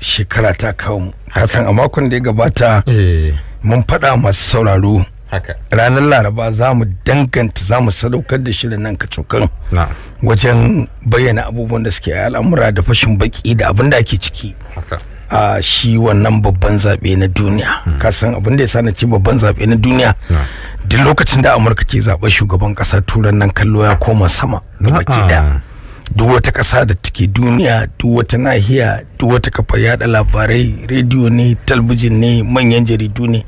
shekara ta kawo kasan a makon da ya gabata eh. mun faɗa masu sauraro ranar laraba za mu danganta za mu sadaukar da shirin nan kacokan wajen bayyana abubuwan da suke al'amura da fashin baki da abin da ake ciki a shi wannan babban zaɓe na duniya hmm. kasan abin da ya sana ce babban zaɓe na duniya duk lokacin da amurka ke zaɓar shugaban ƙasa turan nan kallo ya koma sama baki da duk wata ƙasa da take duniya duk wata nahiya duk wata kafa yada labarai rediyo ne talbijin ne manyan jaridu ne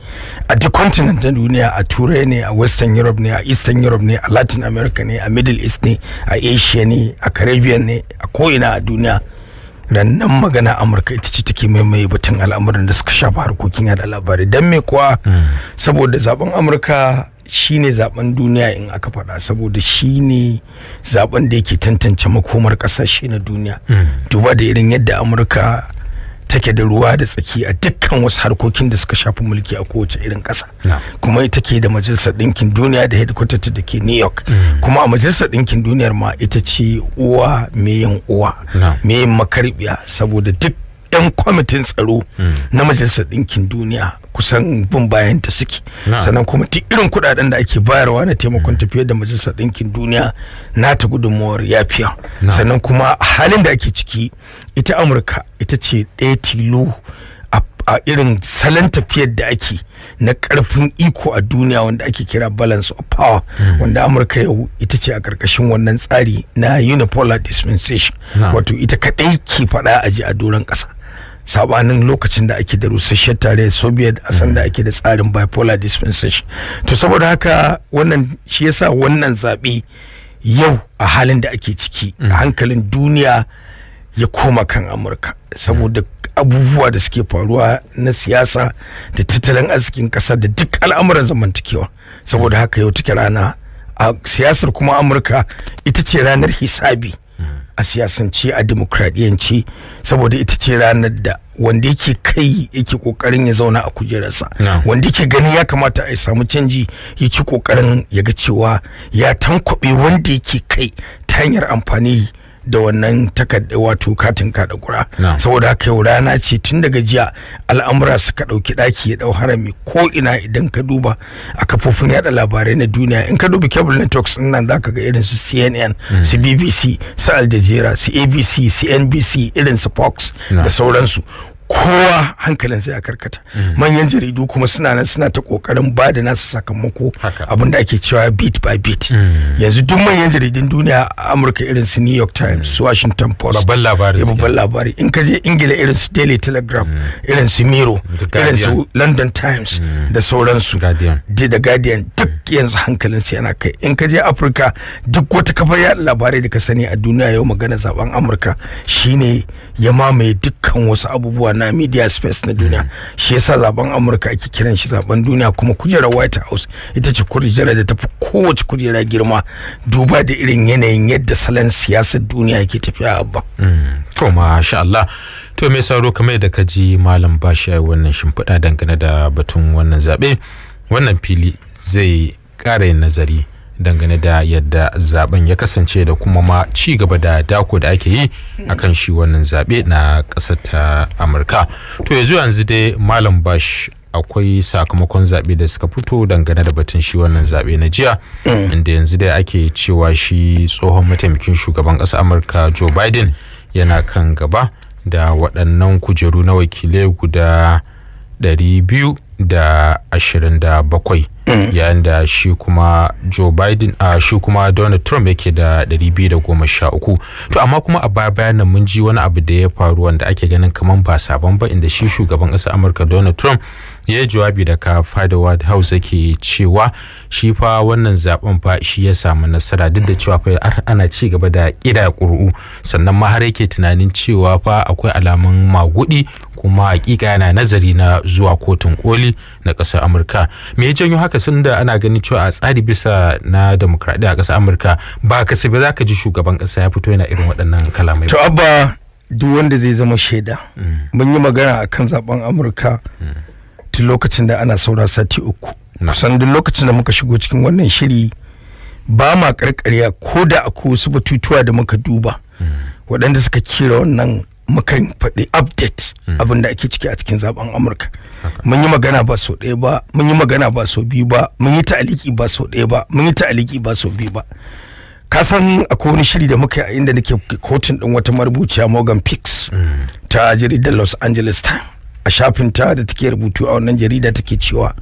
a duk continent na duniya a turai ne a western europe ne a eastern europe ne a latin america ne a middle east ne a asia ne a caribbean ne a ko'ina a duniya nan magana amurka ita ce take maimai batun al'amuran da suka shafa harkokin yada labarai dan me kuwa hmm. saboda zaben amurka shine zaben duniya in aka faɗa saboda shine zaben da yake tantance makomar ƙasashe na duniya hmm. duba da irin yadda amurka take da ruwa da tsaki a dukkan wasu harkokin da suka shafi mulki a kowace irin ƙasa kuma ita ke da majalisar ɗinkin duniya da headquarter da ke new york hmm. kuma a majalisar ɗinkin duniyar ma ita ce uwa mai yin uwa mai yin makarbiya saboda duk 'yan kwamitin tsaro hmm. na majalisar ɗinkin duniya kusan bin bayan ta suke sannan kuma duk irin kuɗaɗen da ake bayarwa na taimakon hmm. tafiyar da majalisar ɗinkin duniya na ta gudunmuwar yafiya sannan kuma halin da ake ciki ita amurka ita ce ɗaya tilo a irin salon tafiyar da ake na karfin iko a duniya wanda ake kira balance of power hmm. wanda amurka yau ita ce a karkashin wannan tsari na unipolar dispensation wato ita kaɗai ke faɗa aji a doron ƙasa sabanin lokacin da ake da rusasshen tare soviet a sanda mm. ake da tsarin bipolar dispensation to saboda haka wannan shi yasa wannan zaɓe yau a halin da ake ciki mm. a hankalin duniya ya koma kan amurka saboda abubuwa da suke faruwa na siyasa da tattalin arzikin ƙasa da duk al'amuran zamantakewa saboda haka yau take rana a siyasar kuma amurka ita ce ranar hisabi a siyasance a demokradiyanci saboda ita ce ranar da wanda yake kai yake kokarin ya zauna a kujerarsa wanda yake gani ya kamata a samu canji yake kokarin ya ga cewa ya tankobe wanda yake kai ta hanyar amfani da wannan takarda wato katin kada kura saboda haka yau rana ce tun daga jiya al'amura suka ɗauki ɗaki ya dau harami ko ina idan ka duba a kafofin yada labarai na duniya in ka duba cable networks din nan zaka ga irin su CNN mm. su BBC su Al Jazeera su ABC su NBC irin su Fox da sauransu kowa hankalin sai a karkata mm. manyan jaridu kuma suna nan suna ta kokarin ba da nasu sakamako abin da ake cewa bit by bit mm. yanzu duk manyan jaridun duniya a amurka irin su new york times mm. washington post babban labari babban labari in ka je ingila irin su daily telegraph irin su miro irin su london times da sauransu da guardian duk yanzu hankalin sai yana kai in ka je afirka duk wata kafar yaɗa labarai da ka sani a duniya yau magana zaben amurka shine ya mamaye dukkan wasu abubuwa na na media space na duniya shi yasa zaben amurka ake kiran shi zaben duniya kuma kujerar white house ita ce kujerar da tafi kowace kujera girma duba da irin yanayin yadda salon siyasar duniya yake tafiya abba hmm, to masha Allah to me sauro kamar da ka ji malam bashi ya wannan shimfiɗa dangane da batun wannan zaɓe wannan fili zai ƙara yin nazari dangane da yadda zaben ya kasance da kuma ma ci gaba da dako da ake yi a kan shi wannan zaɓe na ƙasar ta amurka to yanzu yanzu dai malam bash akwai sakamakon zaɓe da suka fito dangane da batun shi wannan zaɓe na jiya mm. inda yanzu dai ake cewa shi tsohon mataimakin shugaban ƙasar amurka joe biden yana kan gaba da waɗannan kujeru na wakilai guda 227 yayin da shi kuma joe biden a shi kuma donald trump yake da 213 to amma kuma a baya bayan nan mun ji wani abu da ya faru wanda ake ganin kamar ba sabon ba inda shi shugaban ƙasar amurka donald trump ya yi jawabi daga fada white house yake cewa shi fa wannan zaben fa shi ya samu nasara duk da cewa fa ana ci gaba da ƙida ƙuri'u sannan ma har yake tunanin cewa fa akwai alamun magudi kuma hakika yana nazari na zuwa kotun koli na ƙasar amurka me ya janyo haka sun da ana ganin cewa a tsari bisa na demokradiyya a kasar amurka ba ba za ka ji shugaban ƙasa ya fito yana irin waɗannan kalamai to abba duk wanda zai zama shaida mm. mun yi magana akan zaben amurka mm. tun lokacin da ana saura sati uku kusan duk lokacin da muka shigo cikin wannan shiri ba ma karkarya ko da akwai wasu batutuwa da muka duba mm. waɗanda suka kira wannan mukan faɗi update hmm. abin da ake ciki a cikin zaben amurka mun yi magana ba so ɗaya ba mun yi magana ba so biyu ba mun yi ta'aliki ba so ɗaya ba mun yi ta'aliki ba so biyu ba ka san akwai wani shiri da muka yi a inda nake kotun ɗin wata marubuciya morgan fix hmm. ta jaridar los angeles time a shafin ta da take rubutu a wannan jarida take cewa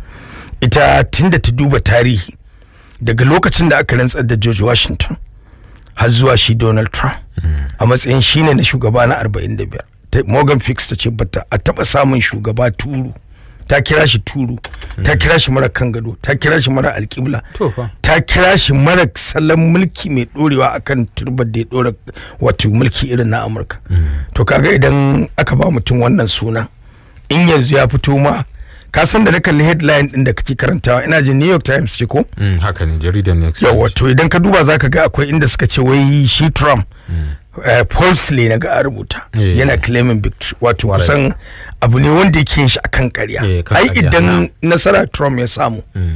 ita tunda ta duba tarihi daga lokacin da aka rantsar da george washington har zuwa shi Donald Trump a matsayin shi ne na shugaba na 45 Morgan Fix ta ce bata a taba samun shugaba turu ta kira shi turu ta kira shi mara kan gado ta kira shi mara alkibla ta kira shi mara salon mulki mai dorewa akan turba da ya dora wato mulki irin na amurka mm. to kaga idan aka ba mutum wannan suna in yanzu ya fito ma ka san da na kalli headline din da kake karantawa ina jin New York Times ce ko mm, haka ne jaridar New York Times yawa to idan ka duba zaka ga akwai inda suka ce wai shi Trump mm. eh, falsely na ga a rubuta eh. yana claiming victory wato kusan abu ne wanda yake shi akan karya eh, ai idan nasara Trump ya samu mm.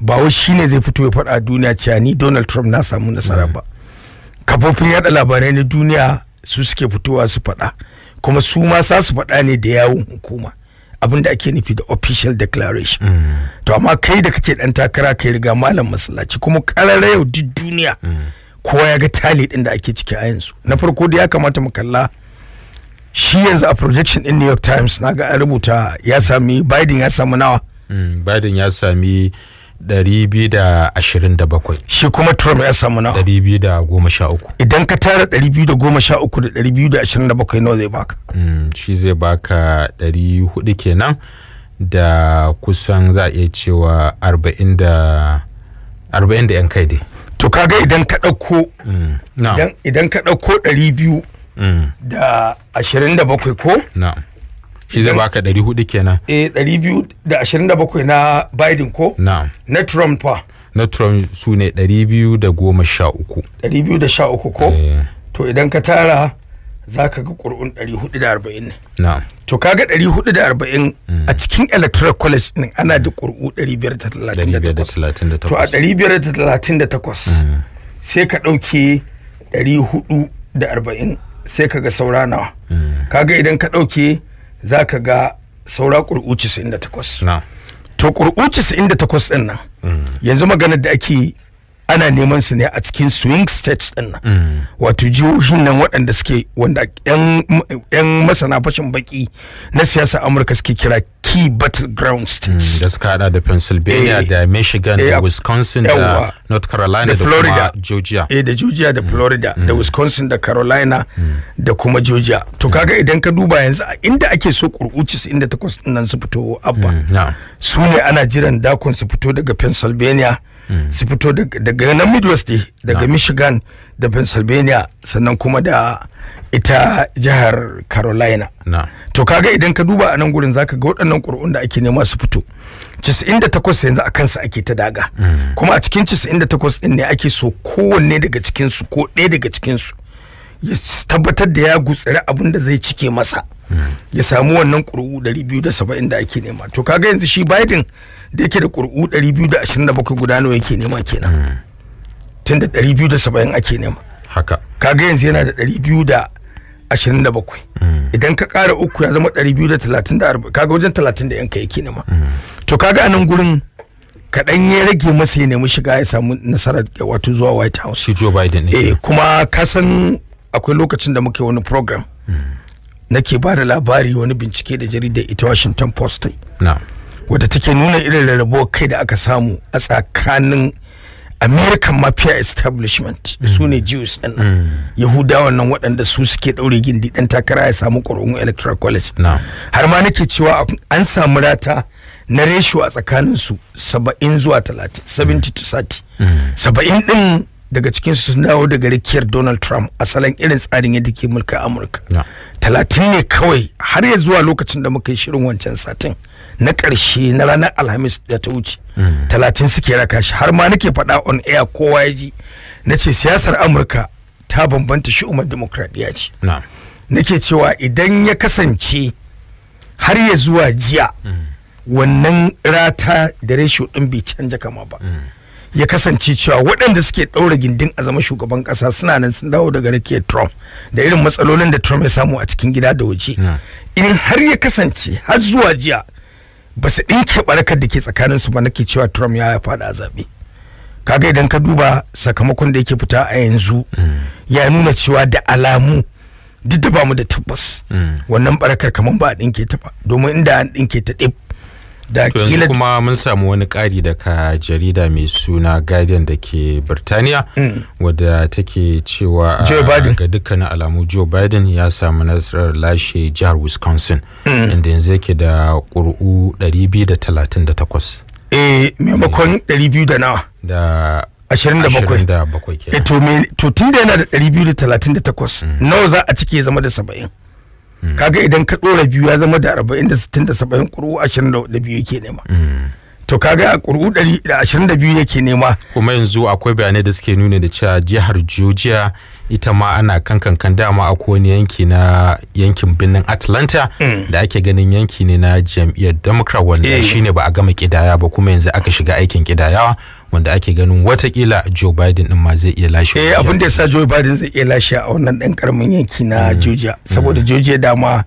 ba wai shine zai fito ya faɗa duniya cewa ni Donald Trump na samu nasara ba kafofin yada labarai na duniya su suke fitowa su faɗa kuma su ma sa su faɗa ne da yawun hukuma abin da ake nufi da official declaration mm. to amma kai da kake dan takara kai riga malam masallaci kuma karara yau duk duniya kowa ya ga tali din da ake ciki a yanzu na farko da ya kamata mu kalla shi yanzu a projection in New York Times na ga an rubuta ya sami Biden ya samu nawa mm, Biden ya sami 227 shi kuma Trump ya samu na 213 idan ka tara 213 da 227 nawa zai baka mm, shi zai baka 400 kenan da kusan za a iya cewa 40 da yan kai dai to kaga idan ka ɗauko mm, idan ka ɗauko 200 mm. da 27 ko na'am shi zai baka 400 kenan eh 227 na Biden ko na na Trump fa na Trump su ne 213 213 ko eh. to idan ka tara za ka ga ƙuri'un 440 ne na to kaga 440 hmm. a cikin electoral college din ana da ƙuri'u 538 to a 538 hmm. sai ka ɗauke arba'in. sai ka ga saura nawa hmm. kaga idan ka ɗauke za ka ga saura ƙuri'u 98 to ƙuri'u 98 ɗin nan mm. yanzu maganar da ake ana neman su ne a cikin swing states din nan mm. wato jihohin nan waɗanda suke wanda yan masana fashin baki na siyasa amurka suke kira key battleground hmm, states da suka hada da pennsylvania eh, da michigan da eh, wisconsin da north carolina da florida georgia eh da georgia da hmm, florida da hmm. wisconsin da carolina da kuma georgia to kaga idan ka duba yanzu inda ake so kurkuci inda takwas nan su fito abba su ne ana jiran dakon su fito daga pennsylvania su fito daga nan midwest daga michigan da pennsylvania sannan kuma da ita jihar carolina to kaga idan ka duba a nan gurin zaka ga waɗannan ƙuri'un da ake nema su fito 98 yanzu a kansa ake ta daga hmm. kuma a cikin 98 ɗin ne ake so kowanne daga cikinsu ko ɗaya daga cikinsu ya tabbatar da ya gutsiri abin da zai cike masa ya samu wannan ƙuri'u 270 da ake nema to kaga yanzu shi biden da yake da ƙuri'u 227 guda nawa yake nema kenan hmm. tun da 270 ake nema haka kaga yanzu yana da 227 hmm. idan ka ƙara uku ya zama 234 kaga wajen 30 da yanka yake nema hmm. to kaga a nan gurin kaɗan ya rage masa ya nemi shiga ya samu nasarar wato zuwa white house shi joe biden ne eh kuma kasan akwai lokacin da muke wani program nake ba da labari wani bincike da jaridar ita washington post wadda take nuna irin rarrabuwar kai da aka samu a tsakanin american mafia establishment su ne jews ɗin mm. yahudawan nan waɗanda su suke ɗaure gindi ɗan takara ya samu ƙwararrun electoral college har ma nake cewa an samu rata na ratio a tsakaninsu saba'in zuwa talatin 70 to 30 mm. saba'in ɗin daga su sun dawo daga rikiyar donald trump a salon irin tsarin yadda ke mulka amurka talatin ne kawai har ya zuwa lokacin da muka yi shirin wancan satin na ƙarshe na ranar alhamis da ta wuce hmm. talatin suke raka shi har ma nake faɗa on air kowa ya ji na ce siyasar amurka ta bambanta shi umar demokradiyya ce nake cewa idan ya kasance har ya zuwa jiya hmm. wannan rata da ratio ɗin bai canja kama ba hmm. ya kasance cewa waɗanda suke ɗaura gindin a zama shugaban ƙasa suna nan sun dawo daga rikiyar trump da irin matsalolin da trump ya samu a cikin gida da waje in har ya kasance har zuwa jiya ba su ɗinke barakar da ke tsakaninsu ba nake cewa trump ya faɗa zaɓe kaga idan ka duba sakamakon da yake fita a yanzu mm. ya nuna cewa da alamu duk da bamu da tabbas mm. wannan barakar kamar ba a ɗinke ta ba domin inda an ɗinke ta ɗin da yanzu kuma mun samu wani ƙari daga jarida mai suna guardian da ke birtaniya hmm. wadda take cewa ah, ga dukkanin alamu joe biden ya samu nasarar lashe jihar wisconsin hmm. inda yanzu yake da ƙuri'u 238 eh maimakon 200 hmm. da nawa da 27 eh, to tun da yana da 238 nawa za a cike zama da 70 kaga idan ka ɗora biyu ya zama da arba'in da sittin da saba'in ƙuri'u ashirin da biyu yake nema to kaga a ƙuri'u ɗari ashirin da biyu yake nema kuma yanzu akwai bayanai da suke nuna da cewa jihar georgia ita ma ana kan kankan dama a kowane yanki na yankin birnin atlanta mm. da ake ganin yanki ne na jam'iyyar democrat wanda eh. shine ba a gama kidaya ba kuma yanzu aka shiga aikin kidayawa wanda ake ganin watakila Joe Biden din ma zai iya lashe. Eh abin da yasa Joe Biden zai iya lashe a wannan dan karamin yanki na mm. Georgia mm. saboda Georgia dama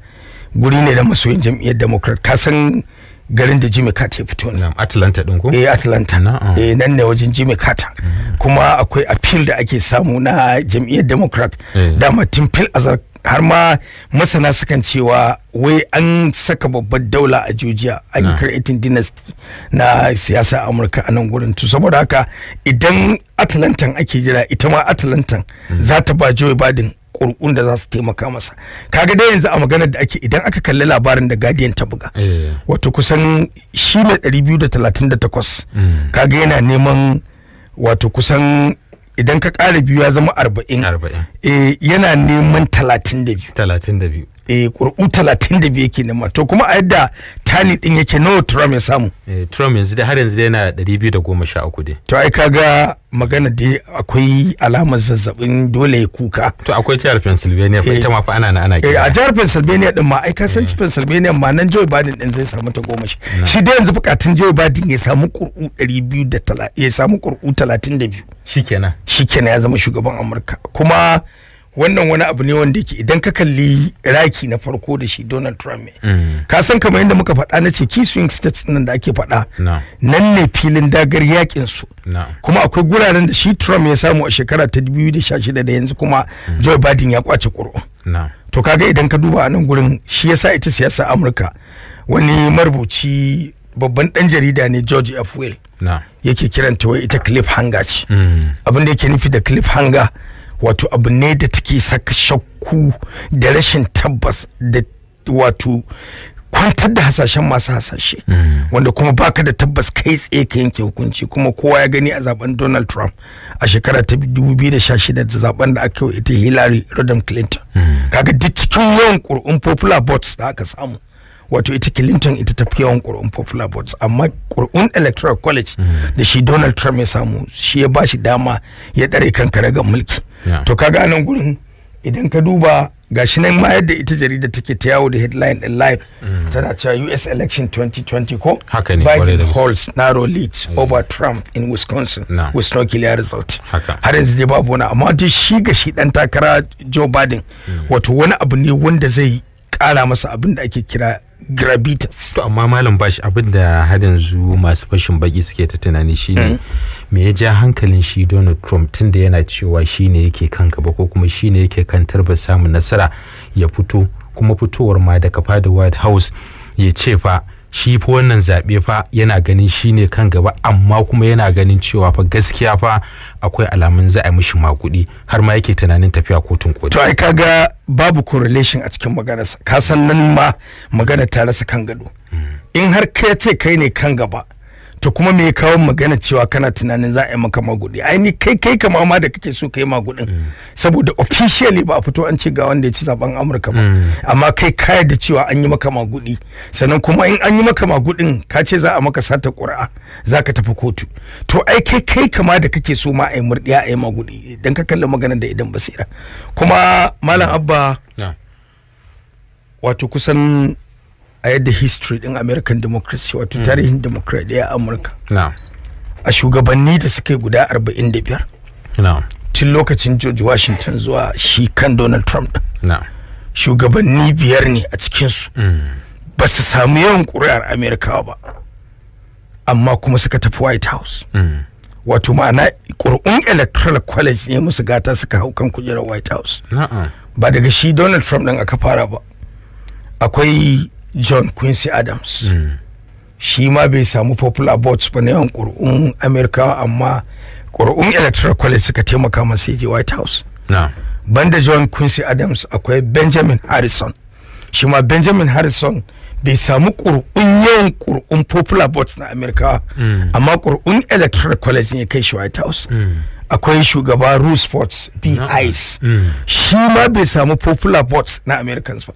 guri ne da masoyin jam'iyyar Democrat san garin da Jimmy Carter ya fito ne. Atlanta din ko? Eh Atlanta. Eh nan ne wajen Jimmy Carter. Mm. Kuma akwai appeal da ake samu na jam'iyyar Democrat eh. dama tun fil azar har ma masana sukan cewa wai an saka babbar daula a Georgia a yakar 18 dynasty na siyasa Amurka a nan gurin to saboda haka idan Atalantan ake jira ita ma Atalantan mm. za ta ba Joe Biden kurkun da za su taimaka masa kaga dai yanzu a maganar da ake idan aka kalli labarin da Guardian ta buga eh, eh, eh. wato kusan shi ne 238 mm. kaga yana neman wato kusan idan ka kara biyu ya zama arba'in yana neman talatin da biyu talatin da biyu eh kur'u talatin da biyu nema to kuma a yadda tani din yake nawa Trump ya samu eh Trump yanzu da har yanzu da yana ɗari biyu da goma sha uku dai to ai kaga magana dai akwai alamar zazzabin dole ya kuka to akwai jihar Pennsylvania fa eh. ita ma fa ana na ana eh a jihar Pennsylvania din ma ai ka san eh. Pennsylvania ma nan Joe Biden din zai samu ta goma shi shi dai yanzu bukatun Joe Biden ya samu kur'u ɗari biyu da ya samu kur'u talatin da biyu shikenan shikenan ya zama shugaban Amurka kuma wannan wani abu ne wanda yake idan ka kalli raki na farko da shi donald trump ne mm. ka san kamar yadda muka faɗa na ce key swing states nan da ake faɗa nan ne filin dagar yakin su kuma akwai guraren da shi trump ya samu a shekara ta 2016 da yanzu kuma mm. joe biden ya kwace kuru. to kaga idan ka duba a nan gurin shi yasa ita siyasa amurka wani marubuci babban dan jarida ne george f yake kiranta wai ita cliff hanger ce mm. abin da yake nufi da cliff hanger wato abu ne da take saka shakku da rashin tabbas da wato kwantar da hasashen masu hasashe mm. wanda kuma baka da tabbas kai tsaye ka yanke hukunci kuma kowa ya gani a zaben Donald Trump a shekara ta 2016 da zaben da aka yi ita Hillary Rodham Clinton mm. kaga duk cikin yawan kur'un popular votes da aka samu wato ita clinton ita ta fi yawan ƙuri'un popular votes amma ƙuri'un electoral college mm. da shi donald trump ya samu shi ya ba shi dama ya ɗare kan ga mulki to kaga gane gurin idan ka duba gashi nan ma yadda ita jarida take ta yawo da headline din live mm. tana cewa US election 2020 ko Biden holds narrow lead over Trump in Wisconsin with no clear result har yanzu dai babu wani amma duk shi ga shi dan takara Joe Biden mm. wato wani abu ne wanda zai kara masa abin da ake kira grabit amma malam bashi abin da har yanzu masu fashin baki suke ta tunani shine hmm? me ya ja hankalin shi Donald Trump tunda yana cewa shine yake kan gaba ko kuma shine yake kan tarba samun nasara ya fito kuma fitowar ma daga fada White House ya ce fa shi fa wannan zaɓe fa yana ganin shi ne kan gaba amma kuma yana ganin cewa fa gaskiya fa akwai alamun za a mishi makuɗi har ma yake tunanin tafiya kotun koli. to ai kaga babu correlation a cikin maganarsa ka san nan ma magana ta rasa kan gado hmm. in har kai ce kai ne kan gaba to kuma me ya kawo magana cewa kana tunanin za a yi maka magudi ai ni kai kai kama ma da kake so ka yi magudin mm. saboda officially ba a fito an ce ga wanda ya ci zaben Amurka ba mm. amma kai kaya da cewa an yi maka magudi sannan kuma in an yi maka magudin ka ce za a maka sata ƙuri'a za ka tafi kotu to ai kai kai kama da kake so ma a yi murdiya a yi magudi dan ka kalli magana da idan basira kuma malam abba wato kusan a yadda history din american democracy wato hmm. tarihin demokradiyya a amurka a shugabanni da suka yi guda 45 tun lokacin george washington zuwa shi kan donald trump na. shugabanni biyar ne a cikinsu hmm. ba su samu yawan ƙuri'ar amerikawa ba amma kuma suka tafi white house hmm. wato ma'ana ƙuri'un electoral college ne musu gata suka hau kan kujerar white house ba daga shi donald trump ɗin aka fara ba akwai john quincy adams mm. shi ma bai samu popular votes ba na yawan ƙuri'un amerika amma ƙuri'un electoral college suka taimaka masa je white house no. banda john quincy adams akwai benjamin harrison shi ma benjamin harrison bai samu ƙuri'un yawan ƙuri'un popular votes na amerika mm. amma ƙuri'un electoral college ne kai shi white house mm. akwai shugaba Ruth Sports P. Ice mm. shi ma bai samu popular votes na Americans ba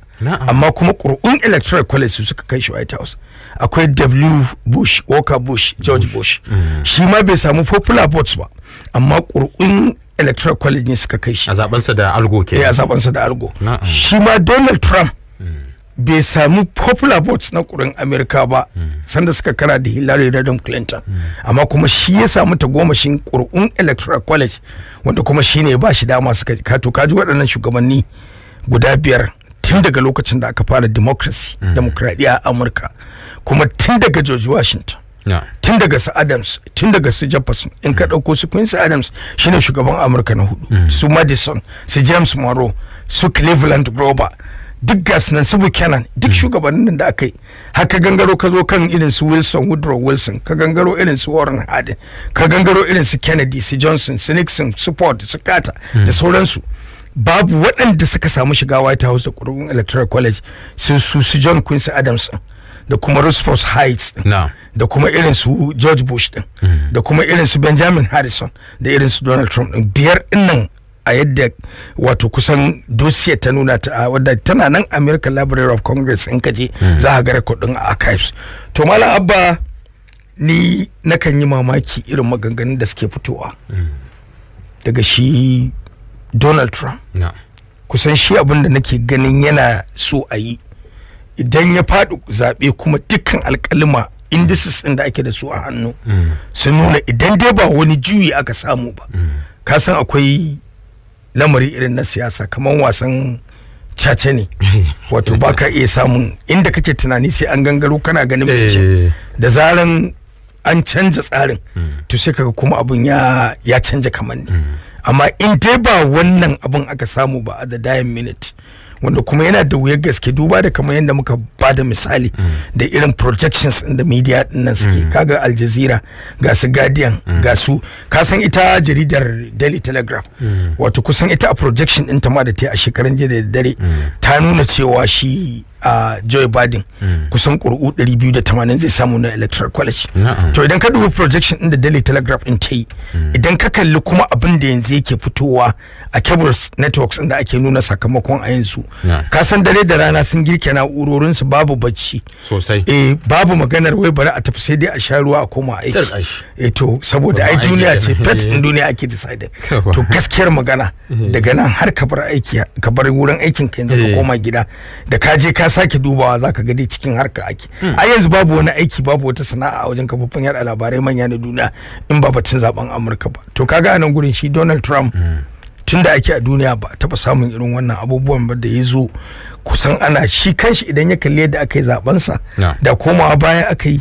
amma kuma ƙuri'un electoral college suka kai shi White House akwai W. Bush Walker Bush George Bush mm. shi ma bai samu popular votes ba amma ƙuri'un electoral college ne suka kai shi a zabansa da algo ke eh, a zabansa da algo shi ma Donald Trump mm. bai samu popular votes na kurin amerika ba hmm. sanda suka kara da hillary rodham clinton hmm. amma kuma shi ya samu ta tagomashin kur'un electoral college wanda kuma shi ne ba shi dama suka kato kaji waɗannan shugabanni guda biyar tun daga lokacin da aka fara democracy hmm. demokradiyya a amurka kuma tun daga george washington tun daga su adams tun daga su jefferson in ka ɗauko su quincy adams shine shugaban amurka na hudu su madison su james monroe su cleveland grover duk gas nan su Buchanan duk hmm. shugabannin da aka yi har ka gangaro ka zo kan irin su Wilson Woodrow Wilson ka gangaro irin su Warren Harding ka gangaro irin su Kennedy su Johnson su Nixon su Ford su Carter da hmm. sauransu babu waɗanda suka samu shiga White House da kurgun Electoral College sun su su John Quincy Adams da kuma Roosevelt Heights da kuma irin su George Bush din hmm. da kuma irin su Benjamin Harrison da irin su Donald Trump din biyar ɗinnan. a yadda wato kusan dosiya ta nuna ta wadda tana nan american library of congress in kaje hmm. za a ga rekodin archives to malam abba ni nakan yi mamaki irin maganganun da suke fitowa hmm. daga shi donald trump kusan shi abin da nake ganin yana so a yi idan ya faɗi zaɓe kuma dukkan alƙalima indices ɗin da ake da su a hannu hmm. sun nuna idan dai ba wani juyi aka samu ba ka san akwai lamari irin na siyasa kaman wasan cace ne wato baka iya samun inda kake tunani sai an gangaro kana ganin mace eh. da zaran an canza tsarin hmm. to sai kaga kuma abun ya ya canja kamar ne hmm. amma in dai ba wannan abun aka samu ba a the dying minute wanda kuma yana da wuyar gaske duba da kamar yadda muka ba da misali mm. da irin projections da media dinnan suke mm. kaga al jazeera ga su guardian mm. ga su kasan ita jaridar daily telegraph wato kusan ita a projection ɗinta ma da ta a shekarun jiya da dare ta nuna cewa shi a joe biden hmm. kusan ƙuri'u 280 zai samu na electoral college to idan ka duba projection ɗin da daily telegraph in ta yi hmm. idan ka kalli kuma abin da yanzu yake fitowa a cables networks inda ake nuna sakamakon a yanzu ka san dare da rana sun girke na'urorinsu babu bacci sosai eh babu maganar wai bari a tafi sai dai a sha ruwa a koma aiki eh to saboda ai duniya ce pet eh. in duniya ake decided to gaskiyar magana eh. daga nan har ka bar aiki ka bar wurin aikin ka yanzu ka eh. koma gida da ka je ka sake dubawa zaka ga dai cikin harka ake hmm. a yanzu babu wani aiki babu wata sana'a a wajen kafofin yada labarai manya na duniya in ba batun zaben amurka ba to kaga a nan gurin shi donald trump hmm. tun da ake a duniya ba taba samun irin wannan abubuwan ba da ya zo kusan ana shi kanshi idan ya kalli yadda aka yi zabensa da komawa baya aka yi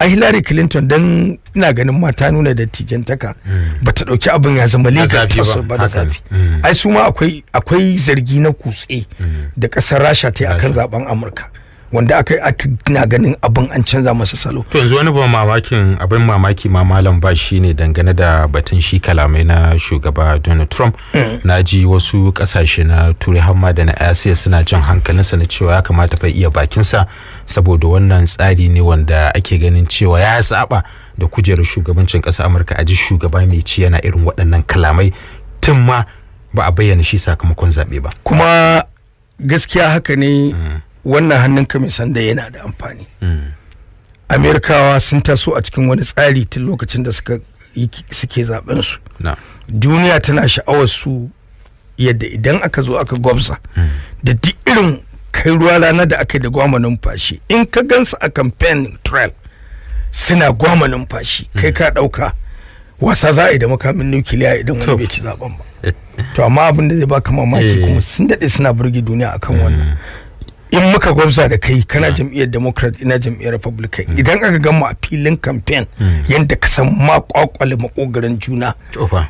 a hillary clinton don ina ganin mata nuna da taka. Hmm. ba ta ɗauki abin ya zama legal ba da zafi hmm. ai su ma akwai zargi na kutse hmm. da ƙasar rasha ta yi akan zaben amurka wanda aka yi aka na ganin abin an canza masa salo to yanzu wani ba mamakin abin mamaki ma malam ba shi ne dangane da batun shi kalamai na shugaba Donald Trump mm. na ji wasu kasashe na turai hamma da na Asiya suna jan hankalinsa na cewa ya kamata fa iya bakinsa saboda wannan tsari ne wanda ake ganin cewa ya saba da kujerar shugabancin ƙasar Amurka a ji shugaba mai ci yana irin waɗannan kalamai tun ma ba a bayyana shi sakamakon zaɓe ba kuma gaskiya haka ne mm. wannan hannun ka mai sanda yana da amfani hmm. amerikawa sun taso a cikin wani tsari tun lokacin da suka suke zaben su duniya tana sha'awar su yadda idan aka zo aka gwabza hmm. da duk irin kai ruwa rana da aka yi da gwama numfashi in ka gansu a campaign trail suna gwama numfashi hmm. kai ka dauka wasa za a yi da makamin nukiliya idan wani bai ci zaben ba to amma abin da zai baka mamaki eh. kuma sun daɗe suna burge duniya akan wannan in muka gwamza da kai kana jam'iyyar democrat ina jam'iyyar republican mm. idan aka gama a filin campaign mm. yadda ka san makwakwale makogaran juna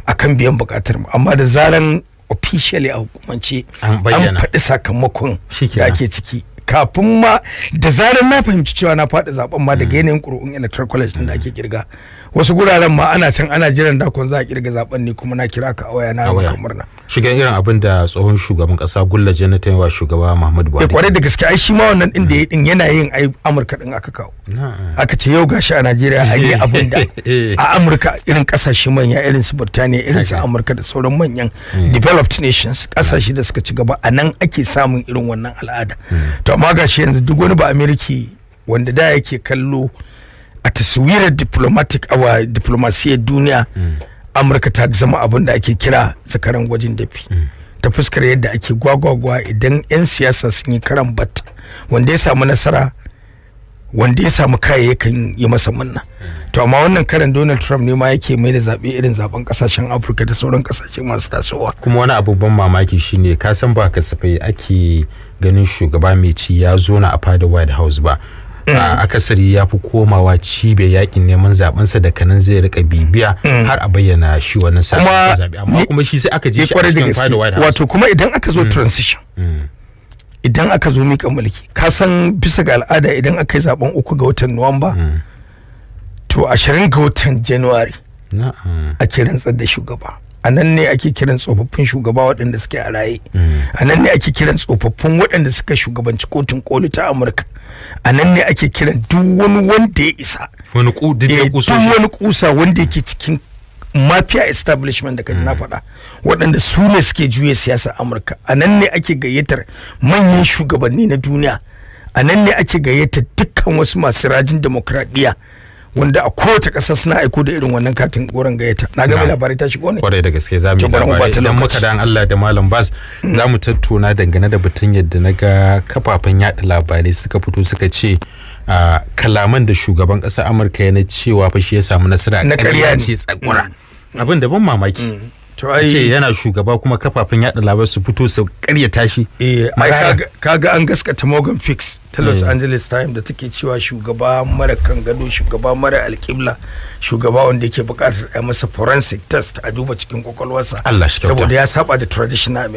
a kan biyan bukatar mu amma da zaran officially a hukumance an faɗi sakamakon da ake ciki kafin ma da zaran na fahimci cewa na faɗi zaben ma daga mm. yanayin ƙuri'un electoral college da ake kirga wasu guraren ma ana can ana jiran dakon za a kirga zaben ne kuma na kira ka a waya na maka murna shigen irin abin da tsohon shugaban kasa gulla janata wa shugaba Muhammadu Buhari eh, kwarai da gaske ai shi ma wannan din da ya mm. din yana yin ai Amurka din aka kawo aka ce yau gashi a Najeriya an yi abin da a Amurka irin kasashe manya irin su Burtaniya irin su Amurka da sauran manyan mm. developed nations kasashe da suka ci gaba a nan ake samun irin wannan al'ada mm. to amma gashi yanzu duk wani ba Ameriki wanda da yake kallo a taswirar diplomatic awa diplomasiyar duniya mm. amurka ta zama abin da ake kira zakaran gwajin dafi mm. ta fuskar yadda ake gwagwagwa idan 'yan siyasa sun yi karan bat wanda ya samu nasara wanda ya samu kayayyakan yi masa munna mm. to amma wannan karan donald trump ne ma yake mai da zaɓe irin zaben kasashen afirka da sauran kasashe masu tasowa kuma wani abubuwan mamaki shine ka san ba kasafai ake ganin shugaba mai ci ya zo na a fadar white house ba akasari ya fi komawa cibe yakin neman zabensa da kanan zai rika bibiya mm. har a bayyana shi wannan sa kuma amma kuma shi sai aka je shi a cikin fada white house wato kuma idan aka zo mm. transition mm. idan aka zo mika mulki ka san bisa ga al'ada idan aka yi zaben uku ga watan nuwamba to ashirin ga watan january a kiran da shugaba a nan ne ake kiran tsofaffin shugaba waɗanda suke a raye a nan ne ake kiran tsofaffin waɗanda suka shugabanci kotun koli ta amurka a nan ne ake kiran duk wani wanda ya isa eh, duk wani kusa wanda yake cikin mafia establishment da kaji na mm. faɗa waɗanda su ne suke juya siyasa amurka a nan ne ake gayyatar manyan shugabanni na duniya a nan ne ake gayyatar dukkan wasu masu rajin demokradiyya wanda a kowace ƙasa suna aiko da irin wannan katin goron gayyata na ga labarai ta shigo ne kwarai da gaske za mu yi labarai idan muka dan Allah da malam bas mm. za mu tattauna dangane da batun yadda na ga kafafen yaɗa labarai suka fito suka ce kalaman da shugaban ƙasar Amurka ya na cewa fa shi ya samu nasara na ƙarya ce tsakura mm. abin da ban mamaki mm. ce yana shugaba kuma kafafen yaɗa labar su fito su karya tashi eh, ka ga an gaskata Morgan Fix ta Los eh. Angeles time da take cewa shugaba mara kan gado shugaba mara alkibla shugaba wanda yake bukatar a masa forensic test a duba cikin kwakwalwarsa saboda ya saba da traditional